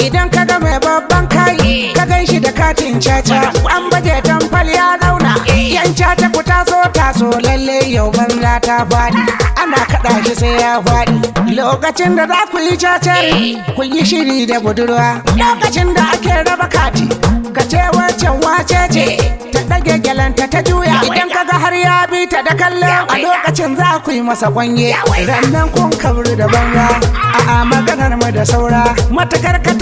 idan ka ga mai babban kayi eh. ka gan shi da katin caca an baje tamfal ya zauna eh. yan caca ku taso taso lalle yau za ta faɗi ah. ana kaɗa shi sai ya faɗi lokacin da za ku yi cacar eh. ku yi shiri da budurwa lokacin da ake raba kati ka ce wancan wace ce ta ɗage gyalanta ta juya idan ka ga har ya bi ta da kallo a lokacin za ku yi masa kwanye rannan kun kabru da banga a'a maganar mu da saura matakar ka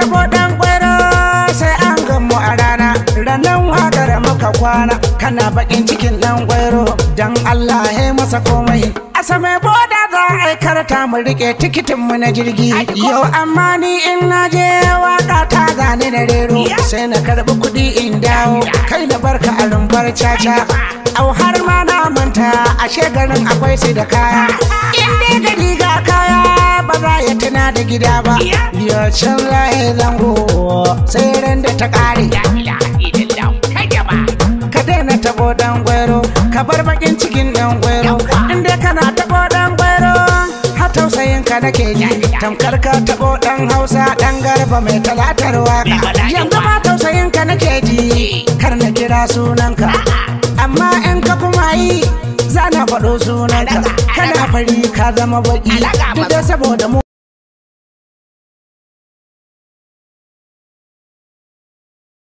kwana kana bakin cikin dan gwairo dan Allah ya masa komai asa mai boda za a aikarta mu rike tikitin mu na jirgi yau amma ni in na je waka ta zane da rero sai na karbi kuɗi in dawo kai na barka a rumfar caca au har ma na manta ashe garin akwai sai da kaya in dai da riga kaya ba za ya tuna da gida ba yau can lahe zango sai ran da ta kare bar bakin cikin ɗan gwero inda kana tabo dan gwero ha tausayin ka nake ji tamkar ka taɓo dan hausa ɗan garba mai talatar waka yanzu ma tausayin ka nake ji kar na kira sunanka amma in ka kuma yi zana faɗo sunanka kana fari ka zama baki duk da saboda mu